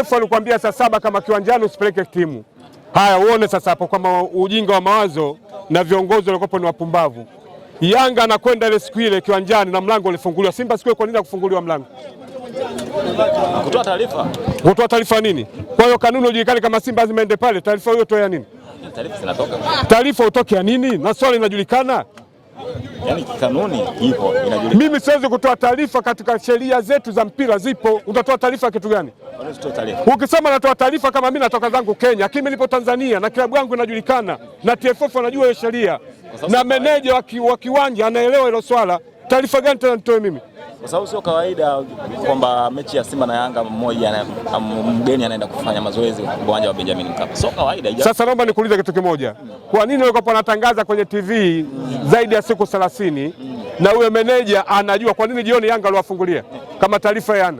refu alikwambia saa saba kama kiwanjani usipeleke timu. Haya, uone sasa hapo kama ujinga wa mawazo na viongozi walikopo ni wapumbavu. Yanga anakwenda ile siku ile kiwanjani na mlango ulifunguliwa. Simba siku ile kwa nini hakufunguliwa mlango? Kutoa taarifa. Kutoa taarifa nini? Kwa hiyo kanuni ujulikane kama Simba zimeende pale, taarifa hiyo toa ya nini? Taarifa zinatoka. Taarifa utoke ya nini? Na swali linajulikana yani kanuni ipo inajulikana. Mimi siwezi kutoa taarifa katika sheria zetu za mpira zipo. Utatoa taarifa kitu gani? Ukisema natoa taarifa kama mimi natoka zangu Kenya, lakini nilipo Tanzania na klabu yangu inajulikana na TFF wanajua hiyo sheria na meneja wa kiwanja anaelewa hilo swala, taarifa gani tena nitoe mimi? kwa sababu sio kawaida kwamba mechi ya Simba na Yanga mmoja mgeni anaenda kufanya mazoezi uwanja wa Benjamin Mkapa, sio kawaida. Sasa naomba nikuulize kitu kimoja, kwa nini walikuwa wanatangaza kwenye TV zaidi ya siku 30 na huyo meneja anajua? Kwa nini jioni Yanga aliwafungulia kama taarifa yana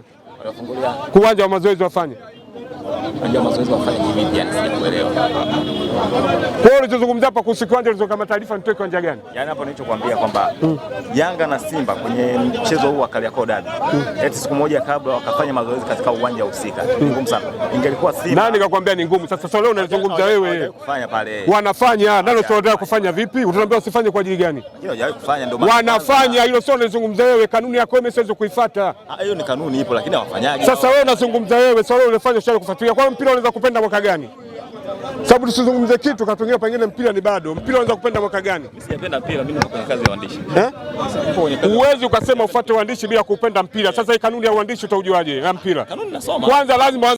kuwanja wa mazoezi wafanye unajua mazoezi wafanye kivipi? Yani sikuelewa. Kwa hiyo ulichozungumza hapa kuhusu kiwanja ulizo kama taarifa nitoe kiwanja gani? Yaani hapo nilichokuambia kwamba mm. Yanga na Simba kwenye mchezo huu wa Kariakoo Derby mm. eti siku moja kabla wakafanya mazoezi katika uwanja husika mm. Ni hmm. ngumu sana, ingelikuwa Simba. Nani kakwambia ni ngumu? Sasa sasa leo unazungumza wewe kufanya pale, wanafanya nalo sio kufanya vipi? Utaambia usifanye kwa ajili gani? Ndio hajawahi Kufanya ndio maana wanafanya hilo, sio unazungumza wewe. Kanuni yako wewe siwezi kuifuata ah, hiyo, ni kanuni ipo, lakini hawafanyaje. Sasa wewe unazungumza wewe, Sasa leo unafanya ushauri kufuata kufikia kwao mpira unaweza kupenda mwaka gani? Sababu tusizungumze kitu katongea, pengine mpira ni bado. Mpira unaweza kupenda mwaka gani? Sijapenda mpira mimi, nafanya eh? kazi ya uandishi eh. Huwezi ukasema ufuate uandishi bila kupenda mpira. Sasa hii kanuni ya uandishi utaujuaje na eh, mpira? Kanuni nasoma kwanza, lazima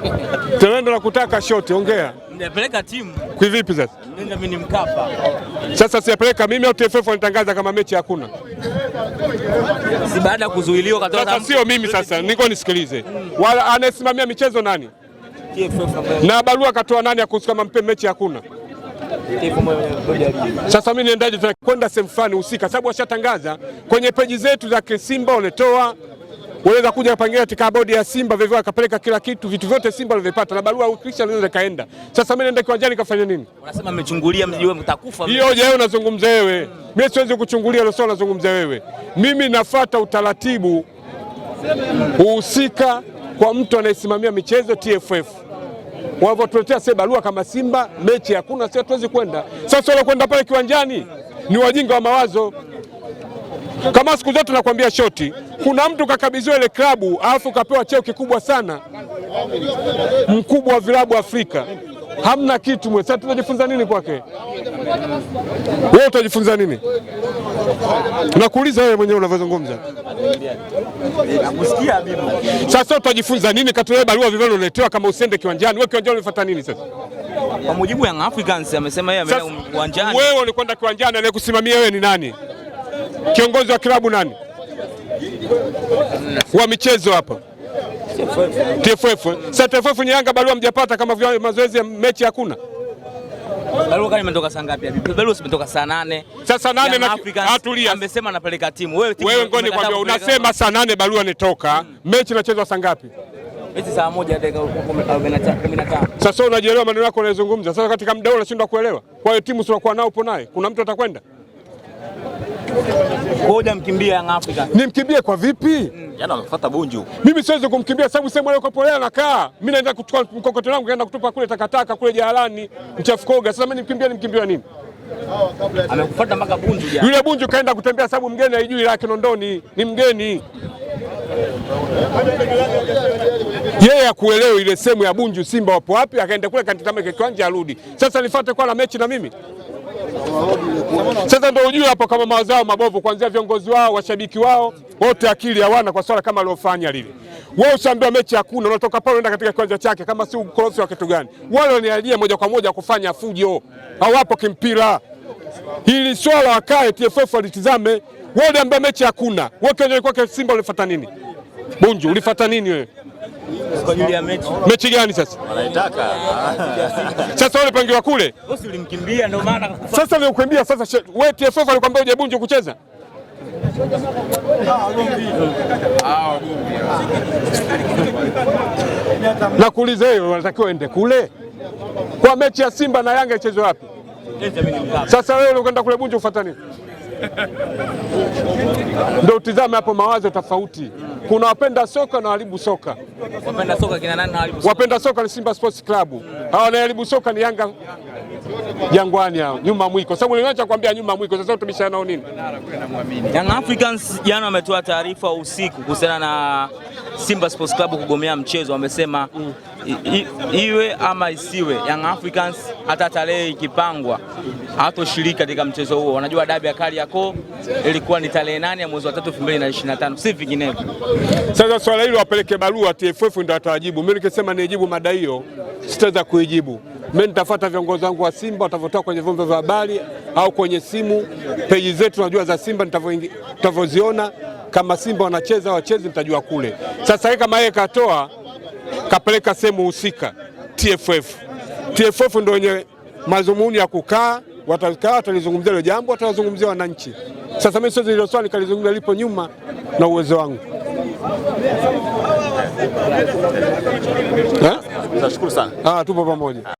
tendo na kutaka shoti, ongea. Nipeleka timu. Kwa vipi sasa? Mimi Mkapa. Sasa siyapeleka mimi au TFF wanatangaza kama mechi hakuna. Si baada kuzuiliwa katoka. Sasa sio mimi sasa, niko nisikilize. Wala anasimamia michezo nani? na barua akatoa nani ya kuhusu kama mpe mechi hakuna. Sasa mimi niendaje tena kwenda sehemu fulani husika, sababu washatangaza kwenye peji zetu za Simba walitoa waweza kuja kupangia katika bodi ya Simba vivyo, akapeleka kila kitu, vitu vyote Simba alivyopata na barua ukisha linaweza kaenda. Sasa mimi naenda kiwanjani kafanya nini? Unasema amechungulia mji wewe mtakufa. Hiyo je, wewe unazungumza wewe. Mimi siwezi kuchungulia leo, sio unazungumza wewe. Mimi nafuata utaratibu uhusika kwa mtu anayesimamia michezo TFF wanavyotuletea sasa barua kama Simba mechi hakuna, sasa tuwezi kwenda. Sasa wale kwenda pale kiwanjani ni wajinga wa mawazo. Kama siku zote nakwambia shoti, kuna mtu kakabidhiwa ile klabu alafu kapewa cheo kikubwa sana, mkubwa wa vilabu Afrika hamna kitu mwe. Sasa tunajifunza nini kwake? Wewe utajifunza nini? Nakuuliza wewe mwenyewe unavyozungumza. Sasa utajifunza nini kati ya barua vivyo unaletewa, kama usiende kiwanjani? Wewe kiwanjani unafuata nini sasa? Kwa mujibu ya Africans amesema yeye ameenda kiwanjani. Wewe ulikwenda kiwanjani, anayekusimamia wewe ni nani? Kiongozi wa klabu nani? Wa michezo hapa. TFF. Sasa TFF ni Yanga barua mjapata kama vile mazoezi ya mechi hakuna. Barua kani imetoka saa ngapi? hivi? Barua imetoka saa nane. Sasa saa nane na atulia. Amesema anapeleka timu. Wewe timu. Wewe ngoni kwambia unasema saa nane barua inatoka. Hmm. Mechi inachezwa saa ngapi? Mechi saa moja dakika 15. Sasa unajielewa maneno yako unayozungumza. Sasa katika mdao unashindwa kuelewa. Kwa hiyo timu sio unakuwa nao upo naye. Kuna mtu atakwenda? Koja Young Nimkimbie kwa vipi? Mm. Jana yaani Bunju Mimi siwezi kumkimbia sababu sema leo kopo leo anakaa. Mimi naenda kuchukua mkokoteni wangu kaenda kutupa kule takataka kule jahalani, mchafukoga. Sasa mimi nimkimbia nimkimbia nini? Amekufuata mpaka Bunju jana. Yaani. Yule Bunju kaenda kutembea sababu mgeni haijui la Kinondoni, ni mgeni. Yeye yeah, akuelewi ile sehemu ya Bunju Simba wapo wapi, akaenda kule katika kiwanja arudi. Sasa nifuate kwa na mechi na mimi. Sasa ndio ujue hapo kama mawazao mabovu, kuanzia viongozi wao, washabiki wao, wote akili hawana kwa swala kama aliofanya lile. Wewe ushaambiwa mechi hakuna, unatoka pale unaenda katika kiwanja chake, kama si ukorofi wa kitu gani? Wale wanialia moja kwa moja kufanya fujo, hawapo kimpira. Hili swala wakae TFF walitizame. Wewe ambaye mechi hakuna, wewe kiwanja kwake Simba ulifuata nini? Bunju ulifuata nini wewe? Kwa ajili ya mechi. Mechi gani sasa? Wanaitaka. Sasa wewe ulipangiwa kule? Bosi ulimkimbia ndio maana. Sasa nilikukimbia sasa wewe TFF alikwambia uje Bunju kucheza? Nakuuliza hiyo wanatakiwa ende kule kwa mechi ya Simba na Yanga ichezwe wapi? Sasa wewe ulikwenda kule Bunju kufuata nini? Ndio utizame hapo mawazo tofauti. Kuna wapenda soka na waharibu soka. Wapenda soka kina nani na waharibu soka? Wapenda soka ni Simba Sports Club. Hawa na soka ni Yanga Jangwani hao, nyuma mwiko. Sababu niliacha kuambia nyuma mwiko. Sasa utubishana nini? Young Africans jana wametoa taarifa usiku kuhusiana na Simba Sports Club kugomea mchezo, wamesema iwe ama isiwe, Young Africans hata tarehe ikipangwa hatoshiriki katika mchezo huo. Wanajua dabi ya Kariakoo ilikuwa ni tarehe nane ya mwezi wa 3 2025, si vinginevyo. Sasa swala hilo wapeleke barua TFF ndio atajibu. Mimi nikisema nijibu mada hiyo sitaweza kuijibu. Mimi nitafuata viongozi wangu wa Simba watavyotoka kwenye vyombo vya habari au kwenye simu, peji zetu najua za Simba nitavyoziona kama Simba wanacheza wachezi, mtajua kule. Sasa yeye kama yeye katoa kapeleka sehemu husika TFF, TFF ndio wenye mazumuni ya kukaa, watakaa watalizungumzia hilo jambo, watawazungumzia wananchi. Sasa mimi siwezi hilo swali nikalizungumza lipo nyuma na uwezo wangu. Tashukuru sana. Ah, tupo pamoja.